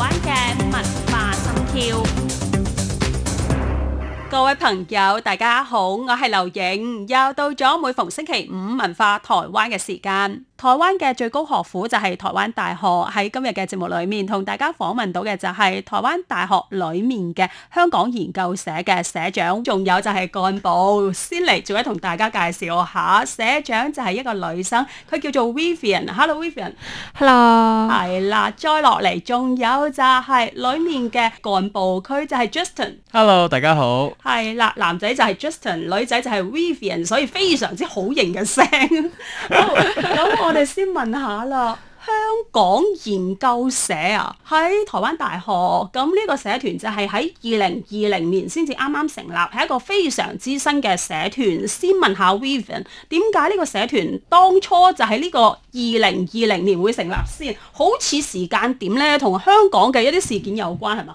灣嘅文化心跳，各位朋友大家好，我係劉瑩，又到咗每逢星期五文化台灣嘅時間。台灣嘅最高學府就係台灣大學，喺今日嘅節目裡面同大家訪問到嘅就係台灣大學裡面嘅香港研究社嘅社長，仲有就係幹部先嚟做一，同大家介紹下社長就係一個女生，佢叫做 Vivian。Hello Vivian。Hello，Vivian。Hello。係啦，再落嚟仲有就係裡面嘅幹部，佢就係、係、Justin。Hello，大家好。係啦，男仔就係 Justin，女仔就係 Vivian，所以非常之好型嘅聲。咁 我。我哋先問下啦，香港研究社啊，喺台灣大學咁呢個社團就係喺二零二零年先至啱啱成立，係一個非常之新嘅社團。先問下 Vivian 點解呢個社團當初就喺呢個二零二零年會成立先？好似時間點呢，同香港嘅一啲事件有關係嘛？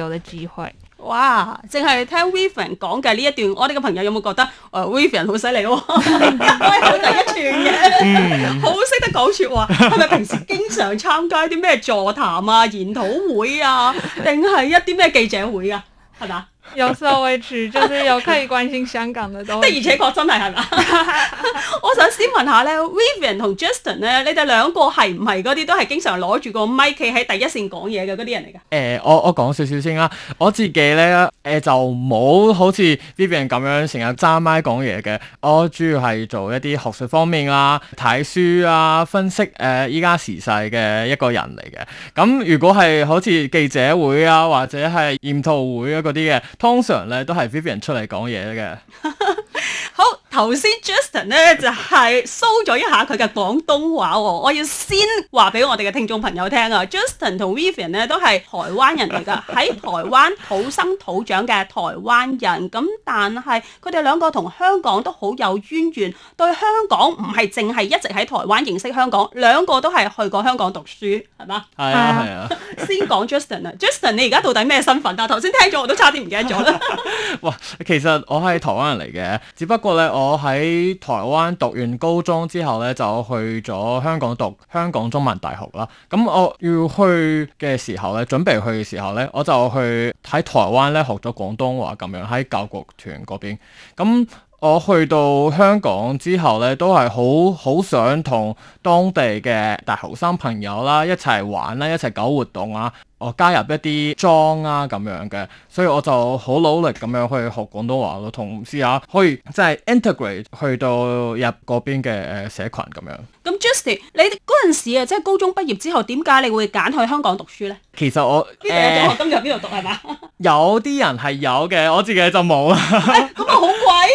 有啲智慧，哇！淨係聽 Raven 講嘅呢一段，我哋嘅朋友有冇覺得 Raven 好犀利喎？開口第一串嘅，好識得講説話，係咪平時經常參加啲咩座談啊、研討會啊，定係一啲咩記者會啊？係咪啊？ 有社會處，就是有可以關心香港嘅多，的 而且確真係係嘛。 我想先問下咧 ，Vivian 同 Justin 咧，你哋兩個係唔係嗰啲都係經常攞住個麥企喺第一線講嘢嘅嗰啲人嚟㗎？誒、欸，我我講少少先啦。我自己咧，誒、呃、就冇好似 Vivian 咁樣成日揸麥講嘢嘅。我主要係做一啲學術方面啊、睇書啊、分析誒依家時勢嘅一個人嚟嘅。咁如果係好似記者會啊，或者係研討會啊嗰啲嘅。通常呢都係 Vivian 出嚟講嘢嘅。頭先 Justin 咧就係 show 咗一下佢嘅廣東話喎、哦，我要先話俾我哋嘅聽眾朋友聽啊。Justin 同 Vivian 咧都係台灣人嚟㗎，喺 台灣土生土長嘅台灣人。咁但係佢哋兩個同香港都好有淵源，對香港唔係淨係一直喺台灣認識香港，兩個都係去過香港讀書，係嘛？係啊，係啊。先講講 Justin 啊 ，Justin 你而家到底咩身份啊？頭先聽咗我都差啲唔記得咗啦。哇，其實我係台灣人嚟嘅，只不過咧我喺台灣讀完高中之後咧，就去咗香港讀香港中文大學啦。咁我要去嘅時候咧，準備去嘅時候咧，我就去喺台灣咧學咗廣東話咁樣喺救國團嗰邊。咁我去到香港之後咧，都係好好想同當地嘅大學生朋友啦一齊玩啦，一齊搞活動啊！我加入一啲莊啊咁樣嘅，所以我就好努力咁樣去學廣東話咯。同試下可以即係 integrate 去到入嗰邊嘅誒社群咁樣。咁 Justin，你嗰陣時啊，即係高中畢業之後，點解你會揀去香港讀書咧？其實我誒，今日邊度讀係嘛？有啲人係有嘅，我自己就冇啦。咁、 哎、 啊，好貴，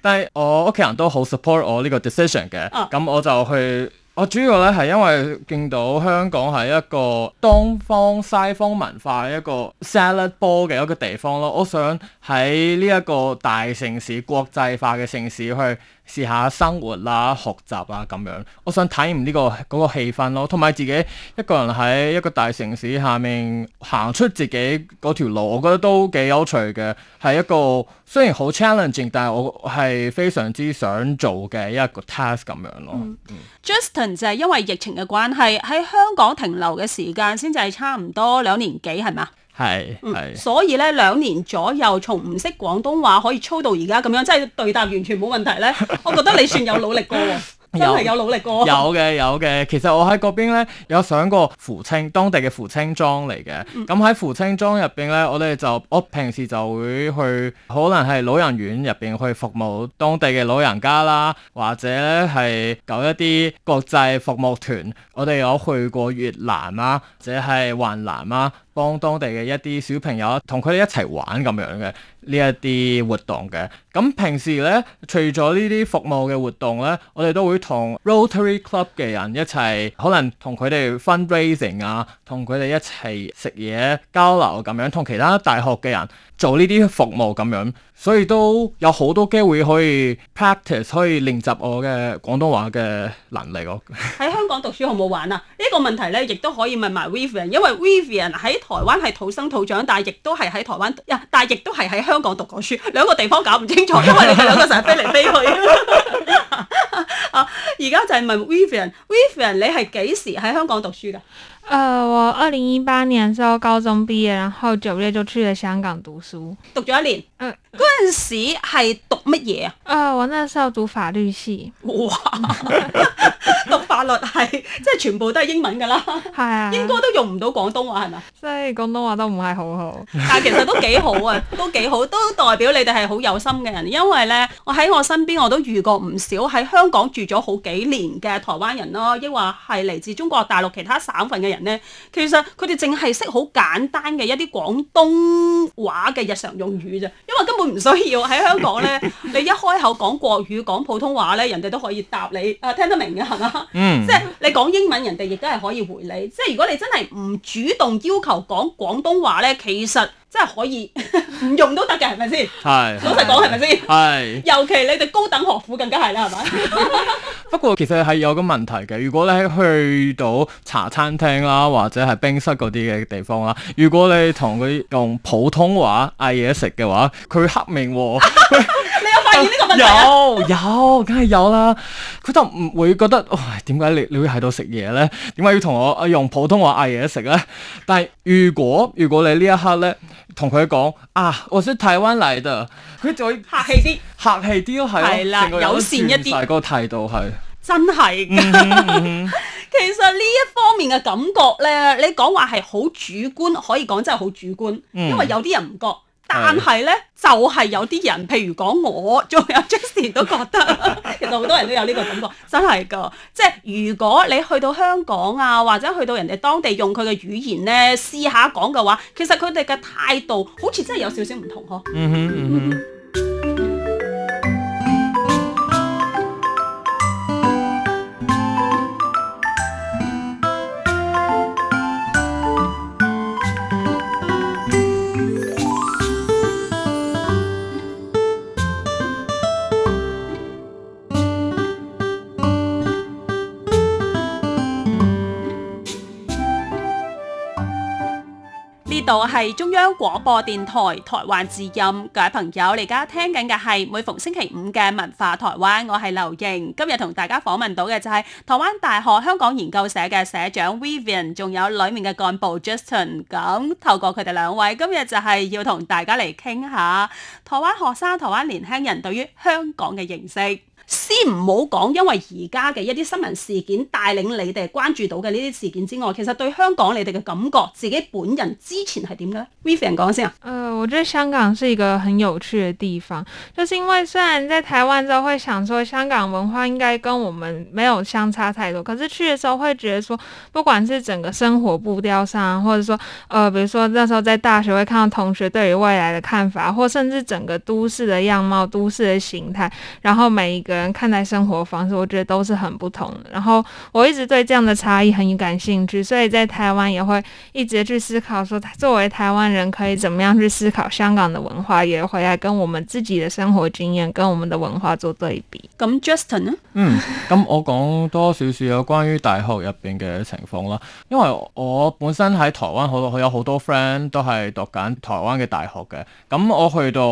但係我屋企人都好 support 我呢個 decision 嘅，咁我就去。我主要咧係因為見到香港係一個東方、西方文化一個 salad bowl 嘅一個地方咯，我想喺呢一個大城市，國際化嘅城市去，試下生活啦、學習啊咁樣，我想體驗呢個嗰個氣氛咯，同埋自己一個人喺一個大城市下面行出自己嗰條路，我覺得都幾有趣嘅，係一個雖然好 challenging，但係我係非常之想做嘅一個 task 咁樣咯。嗯、Justin 就係因為疫情嘅關係，喺香港停留嘅時間先至係差唔多兩年幾，係咪？係，所以咧兩年左右，從唔識廣東話可以操到而家咁樣，即係對答完全冇問題咧， 我覺得你算有努力過， 真係有努力過。有嘅，有嘅。其實我喺嗰邊咧有上過扶青，當地嘅扶青莊嚟嘅。咁喺、嗯、扶青莊入邊咧，我哋就我平時就會去，可能係老人院入邊去服務當地嘅老人家啦，或者咧係搞一啲國際服務團。我哋有去過越南啊，或者係雲南啊。幫當地嘅一啲小朋友同佢哋一齊玩咁樣嘅呢一啲活動嘅。咁平時呢，除咗呢啲服務嘅活動呢，我哋都會同 Rotary Club 嘅人一齊，可能同佢哋 fundraising 啊，同佢哋一齊食嘢交流咁樣，同其他大學嘅人做呢啲服務咁樣。所以都有好多機會可以 practice，可以練習我嘅廣東話嘅能力咯。喺香港讀書好唔好玩啊？呢個問題呢，亦都可以問埋 Vivian，因為 Vivian 喺。台灣係土生土長，但係亦都係喺台灣但係亦都係喺香港讀過書，兩個地方搞唔清楚，因為你哋兩個成日飛嚟飛去。啊！而家就係問 Vivian，Vivian 你係幾時喺香港讀書㗎？誒、呃，我二零一八年嘅時候高中畢業，然後九月就去了香港讀書，讀咗一年。嗰陣、呃、時係讀乜嘢啊？啊、呃，我那時候讀法律系。哇， 讀法律系，即係全部都係英文㗎喇。係 啊，應該都用唔到廣東話係咪？即係廣東話都唔係好好， 但係其實都幾好啊，都幾好，都代表你哋係好有心嘅人。因為咧，我喺我身邊我都遇過唔少喺香港住咗好幾年嘅台灣人咯，抑或係嚟自中國大陸其，其他省份嘅人。 咧，其實佢哋淨係識好簡單嘅一啲廣東話嘅日常用語咋，因為根本唔需要喺香港呢，你一開口講國語講普通話呢，人哋都可以答你啊，聽得明嘅，係嘛？嗯，即係你講英文，人哋亦都係可以回你。即係如果你真係唔主動要求講廣東話呢，其實，真係可以唔 用都得嘅，係咪先？係是老實講，係咪先？係是。 尤其你哋高等學府更加係啦，係咪？ 不過其實係有個問題嘅。如果你去到茶餐廳啦，或者係冰室嗰啲嘅地方啦，如果你同佢用普通話嗌嘢食嘅話，佢黑面喎。 有有，梗係有啦。佢就唔會覺得，哦、點解你你會喺度食嘢咧？點解要同我啊用普通話嗌嘢食咧？但係如果如果你呢一刻咧同佢講啊，我識台灣嚟㗎，佢就會客氣啲，客氣啲咯，係咯了，友善一啲，嗰個態度係真係。 其實呢一方面嘅感覺咧，你講話係好主觀，可以講真係好主觀，嗯、因為有啲人唔覺。但係咧，是就係有啲人，譬如講我，仲有 Jesse 都覺得， 其實好多人都有呢個感覺， 真係噶。即係如果你去到香港啊，或者去到人哋當地用佢嘅語言咧試下講嘅話，其實佢哋嘅態度好似真係有少少唔同呵、嗯。嗯嗯嗯。係中央廣播電台台灣之音各位朋友，你而家聽緊嘅係每逢星期五嘅文化台灣，我係劉瑩。今日同大家訪問到嘅就係、是、台灣大學香港研究社嘅社長 Vivian 仲有裡面嘅幹部 Justin。咁透過佢哋兩位，今日就係要同大家嚟傾下台灣學生、台灣年輕人對於香港嘅認識。先唔好講，因為而家嘅一啲新聞事件帶領你哋關注到嘅呢啲事件之外，其實對香港你哋嘅感覺，自己本人之前係點嘅？Vivian 講先啊。誒、呃，我覺得香港是一個很有趣嘅地方，就是因為雖然在台灣之後會想說香港文化應該跟我們沒有相差太多，可是去嘅時候會覺得說，不管是整個生活步調上，或者說，誒、呃，比如說，那時候在大學會看到同學對於未來嘅看法，或甚至整個都市嘅樣貌、都市嘅形態，然後每一個看待生活方式，我覺得都是很不同的。然後我一直對這樣的差異很有感興趣，所以在台灣也會一直去思考說，說作為台灣人可以怎麼樣去思考香港的文化，也回來跟我們自己的生活經驗跟我們的文化做對比。咁 Justin 呢？嗯，咁我講多少少有關於大學入邊嘅情況啦。 因為我本身喺台灣好多有好多 friend 都係讀緊台灣嘅大學嘅，咁我去到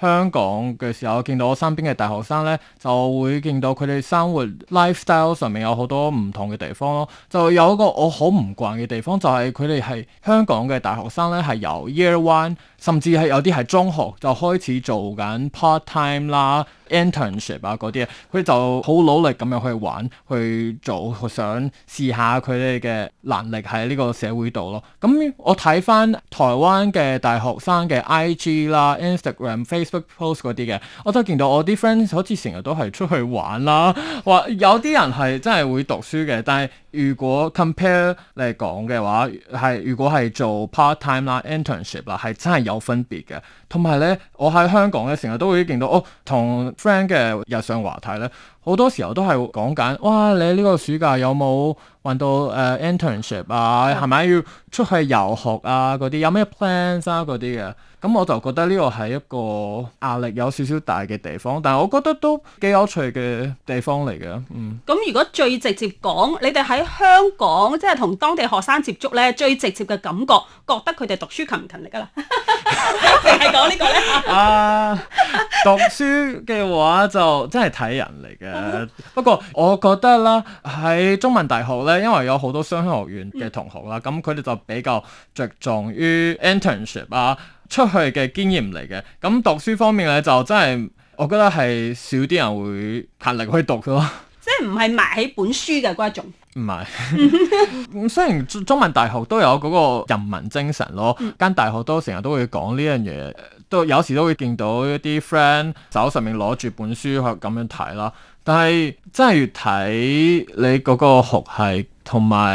香港嘅時候見到我身邊嘅大學生咧，就會見到佢哋生活 lifestyle 上面有好多唔同嘅地方咯。就有一個我好唔慣嘅地方，就係佢哋係香港嘅大學生咧，係由 year one 甚至係有啲係中學就開始做緊 part time 啦、internship 啊啲啊，佢就好努力咁樣去玩、去做、想試下佢哋嘅能力喺呢個社會度咯。咁我睇翻台灣嘅大學生嘅 IG 啦、Instagram、Facebook post 嗰啲嘅，我都見到我啲 friend 好似成日都係出去玩啦，話有啲人係真係會讀書嘅，但係如果 compare 嚟講嘅話，係如果係做 part time 啦、internship 啦，係真係有分別嘅。同埋咧，我喺香港咧成日都會見到，哦，同 friend 嘅日常話題咧，好多時候都係講緊，哇！你呢個暑假有冇搵到誒、uh, internship 啊？係咪要出去遊學啊？嗰啲有咩 plans 啊？嗰啲嘅。咁我就覺得呢個係一個壓力有少少大嘅地方，但係我覺得都幾有趣嘅地方嚟嘅。嗯，咁如果最直接講，你哋喺香港即係同當地學生接觸呢，最直接嘅感覺，覺得佢哋讀書勤唔勤力噶啦？淨係講呢個呢？ 啊，讀書嘅話就真係睇人嚟嘅。 不過我覺得啦，喺中文大學呢，因為有好多商學院嘅同學啦，咁佢哋就比較着重於 internship 啊。出去嘅經驗嚟嘅，咁讀書方面咧就真係，我覺得係少啲人會勤力去讀咯。即係唔係埋起本書嘅嗰一種？唔係，咁是 雖然中文大學都有嗰個人文精神咯，間、嗯、大學都成日都會講呢樣嘢，都有時都會見到一啲 friend 手上面攞住本書去咁樣睇啦。但係真係越睇你嗰個學系同埋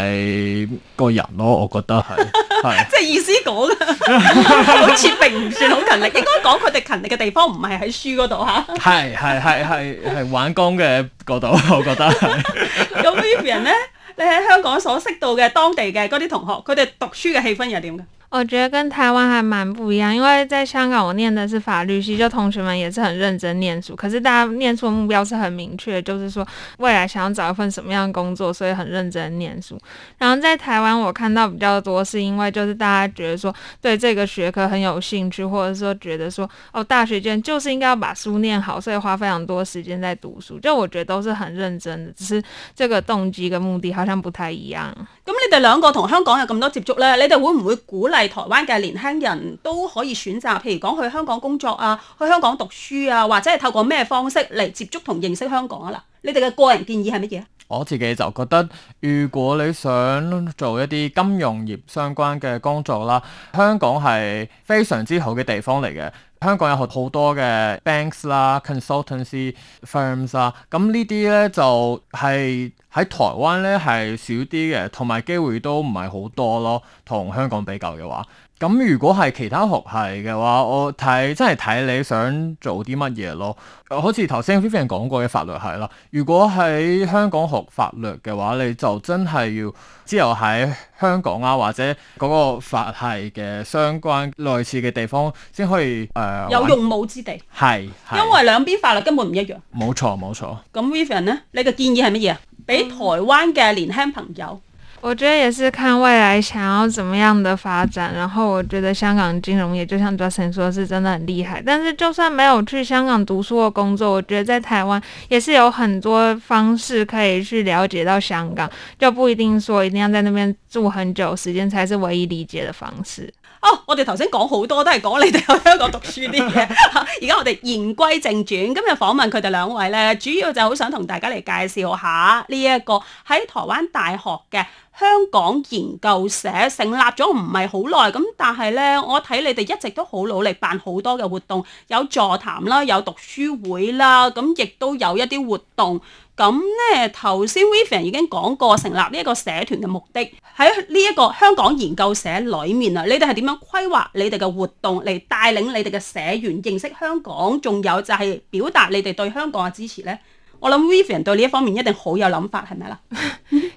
個人咯，我覺得係。 即係意思講嘅， 好似並唔算好勤力。 應該講佢哋勤力嘅地方唔係喺書嗰度嚇。係係係係係玩功嘅嗰度，我覺得。咁 Vivian 咧，你喺香港所識到嘅當地嘅嗰啲同學，佢哋讀書嘅氣氛又係點㗎？我覺得跟台灣還蠻不一樣，因為在香港我念的是法律系，就同學們也是很認真唸書，可是大家念書的目標是很明確，就是說未來想要找一份什麼樣的工作，所以很認真念書。然後在台灣我看到比較多，是因為就是大家覺得說對這個學科很有興趣，或者是說覺得說哦大學生就是應該要把書念好，所以花非常多時間在讀書。就我覺得都是很認真的，只是這個動機跟目的好像不太一樣。咁你哋兩個同香港有咁多接觸呢？你哋會唔會鼓勵？台灣嘅年輕人都可以選擇，譬如講去香港工作啊，去香港讀書啊，或者係透過咩方式嚟接觸同認識香港啊？嗱，你哋嘅個人建議係乜嘢？我自己就覺得，如果你想做一啲金融業相關嘅工作啦，香港係非常之好嘅地方嚟嘅。香港有好多嘅 banks 啦、啊、consultancy firms 啦、啊，咁呢啲呢就係、是。喺台灣呢，係少啲嘅，同埋機會都唔係好多咯。同香港比較嘅話，咁如果係其他學系嘅話，我睇真係睇你想做啲乜嘢咯。呃、好似頭先 Vivian 講過嘅法律系啦，如果喺香港學法律嘅話，你就真係要之後喺香港啊，或者嗰個法系嘅相關類似嘅地方先可以誒、呃、有用武之地。係，因為兩邊法律根本唔一樣。冇錯，冇錯。咁 Vivian 呢，你嘅建議係乜嘢？俾台灣嘅年輕朋友，我覺得也是看未來想要怎麼樣的發展。然後我覺得香港金融業就像 Justin 說，是真的很厲害。但是就算沒有去香港讀書或工作，我覺得在台灣也是有很多方式可以去瞭解到香港，就不一定說一定要在那邊住很久時間才是唯一理解的方式。哦，oh，我哋頭先講好多都係講你哋喺香港讀書啲嘢，而 家我哋言歸正傳，今日訪問佢哋兩位呢，主要就好想同大家嚟介紹下呢、呢、一個喺台灣大學嘅香港研究社成立咗唔係好耐，咁但係呢，我睇你哋一直都好努力辦好多嘅活動，有座談啦，有讀書會啦，咁亦都有一啲活動。咁咧，頭先 Weaver 已經講過成立呢一個社團嘅，目的喺呢一個香港研究社裏面啊，你哋係點樣規劃你哋嘅活動嚟帶領你哋嘅社員認識香港，仲有就係表達你哋對香港嘅支持呢。我諗 Weaver 對呢一方面一定好有諗法，係咪啦？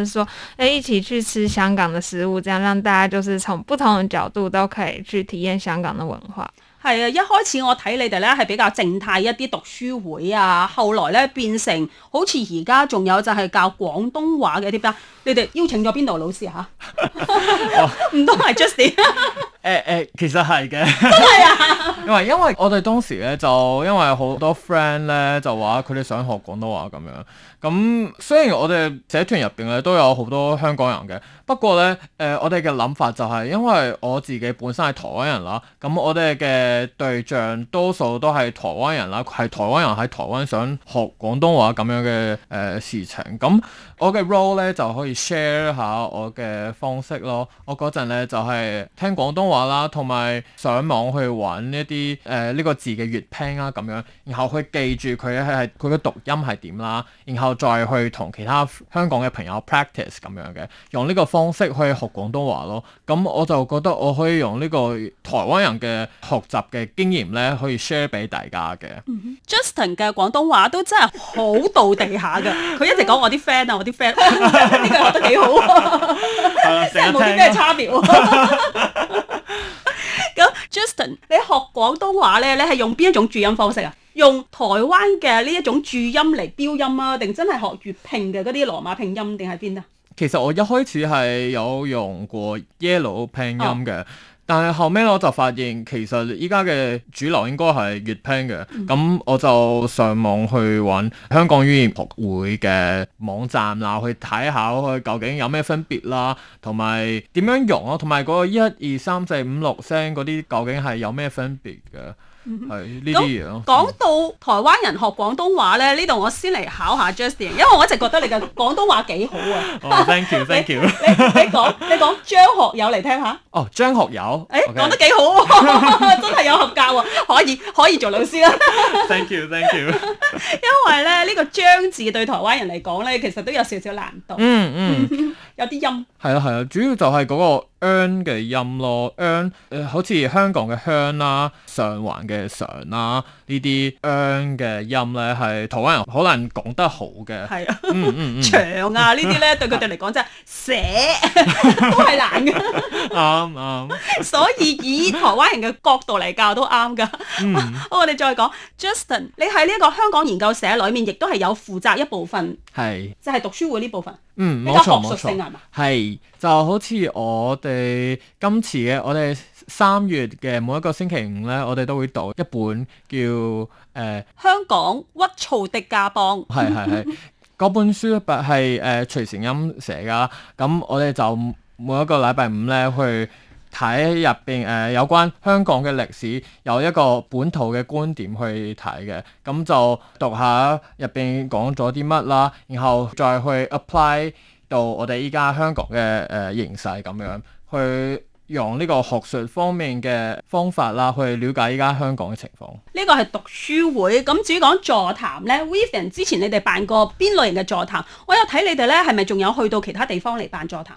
就是說，誒，一起去吃香港的食物，這樣讓大家就是從不同角度都可以去體驗香港的文化。係啊，一開始我睇你哋咧係比較靜態一啲讀書會啊，後來咧變成好似而家仲有就係教廣東話嘅啲班。你哋邀請咗邊度老師吓、啊？唔通係 Justin？誒誒，其實係嘅、 啊，因為 因為我哋當時咧就因為好多 friend 咧就話佢哋想學廣東話咁樣。咁雖然我哋社團入邊咧都有好多香港人嘅，不過咧誒、呃、我哋嘅諗法就係因為我自己本身係台灣人啦，咁我哋嘅對象多數都係台灣人啦，係台灣人喺台灣想學廣東話咁樣嘅誒、呃、事情，咁我嘅 role 咧就可以 share 下我嘅方式咯。我嗰陣咧就係、是、聽廣東話啦，同埋上網去揾一啲誒呢個字嘅粵拼啦、啊、咁樣，然後去記住佢係佢嘅讀音係點啦，然後。再去同其他香港嘅朋友 practice 咁樣嘅，用呢個方式去學廣東話咯。咁我就覺得我可以用呢個台灣人嘅學習嘅經驗咧，可以 share 俾大家嘅、嗯。Justin 嘅廣東話都真係好到地下㗎，佢 一直講我啲 friend 啊，我啲 friend 呢個學得幾好啊，真係冇啲咩差別。咁 Justin，你學廣東話咧，你係用邊一種注音方式啊？用台灣嘅呢一種注音嚟標音啊，定真係學粵拼嘅嗰啲羅馬拼音定係邊啊？其實我一開始係有用過 Yellow 拼音嘅，哦、但係後尾我就發現其實依家嘅主流應該係粵拼嘅，咁、嗯、我就上網去揾香港語言學會嘅網站啦，去睇下佢究竟有咩分別啦，同埋點樣用啊，同埋嗰個一二三四五六聲嗰啲究竟係有咩分別嘅？係呢啲嘢講到台灣人學廣東話咧，呢度 Yeah. 我先嚟考下 Justin，因為我一直覺得你嘅廣東話幾好啊。t h、oh, a n k you，thank you, thank you. 你。你講，你講張學友嚟聽下。哦，張學友，誒、okay. 欸，講得幾好、啊，真係 有合格喎，可以，可以做老師啦、啊。 thank you，thank you。You. 因為咧，呢、這個張字對台灣人嚟講咧，其實都有少少難度。嗯嗯、mm，hmm. 有啲音。係啊係啊，主要就係嗰、那個。n 嘅音咯 n 誒、呃，好似香港嘅香啦、啊、上環嘅上啦、啊、呢啲 n 嘅音咧，係台灣人好難講得好嘅。係啊，嗯嗯、長啊 呢啲咧，對佢哋嚟講真係寫 都係難嘅。啱啱 ，對所以以台灣人嘅角度嚟教都啱噶。 我哋再講，Justin，你喺呢一個香港研究社裏面，亦都係有負責一部分，係是就係讀書會呢部分。嗯，冇錯冇錯，係就好似我哋今次嘅，我哋三月嘅每一個星期五咧，我哋都會讀一本叫誒《呃、香港鬱躁的家邦，》 係係係嗰本書，不係誒徐承恩寫㗎。咁我哋就每一個禮拜五咧去。睇入邊誒有關香港嘅歷史，有一個本土嘅觀點去睇嘅，咁就讀下入邊講咗啲乜啦，然後再去 apply 到我哋依家香港嘅誒、呃、形勢咁樣，去用呢個學術方面嘅方法啦，去了解依家香港嘅情況。呢個係讀書會，咁至於講座談呢，Vincent 之前你哋辦過邊類型嘅座談？我有睇你哋呢，係咪仲有去到其他地方嚟辦座談？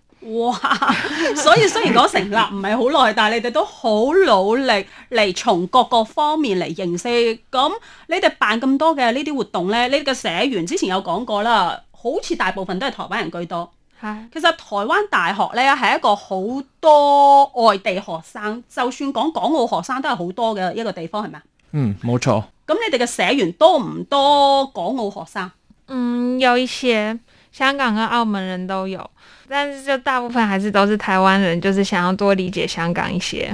哇！所以雖然嗰成立唔係好耐， 但係你哋都好努力嚟從各個方面嚟認識。咁你哋辦咁多嘅呢啲活動呢？你哋嘅社員之前有講過啦，好似大部分都係台灣人居多。嚇、啊，其實台灣大學呢係一個好多外地學生，就算講港澳學生都係好多嘅一個地方，係咪？嗯，冇錯。咁你哋嘅社員多唔多港澳學生？嗯，有一些香港嘅澳門人都有。但是就大部分還是都是台灣人，就是想要多理解香港一些。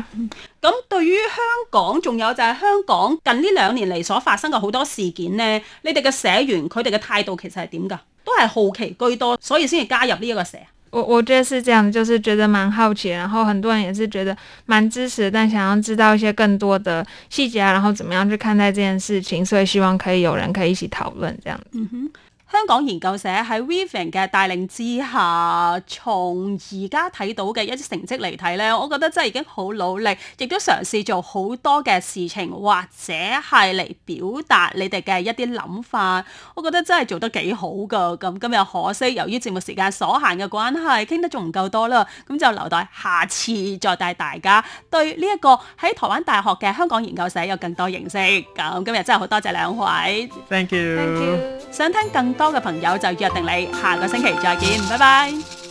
咁、嗯、對於香港，仲有就係香港近呢兩年嚟所發生嘅好多事件呢，你哋嘅社員佢哋嘅態度其實係點噶？都係好奇居多，所以先至加入呢一個社。我我覺得係咁樣，就是覺得蠻好奇，然後很多人也是覺得蠻支持，但想要知道一些更多的細節啊，然後怎麼樣去看待呢件事情，所以希望可以有人可以一起討論，這樣子。嗯哼。香港研究社喺 Vivian 嘅帶領之下，從而家睇到嘅一啲成績嚟睇咧，我覺得真係已經好努力，亦都嘗試做好多嘅事情，或者係嚟表達你哋嘅一啲諗法。我覺得真係做得幾好噶。咁今日可惜由於節目時間所限嘅關係傾得仲唔夠多啦。咁就留待下次再帶大家對呢一個喺台灣大學嘅香港研究社有更多認識，咁今日真係好多謝兩位。Thank you。Thank you. 想聽更多。多嘅朋友就約定你，下個星期再見，拜拜。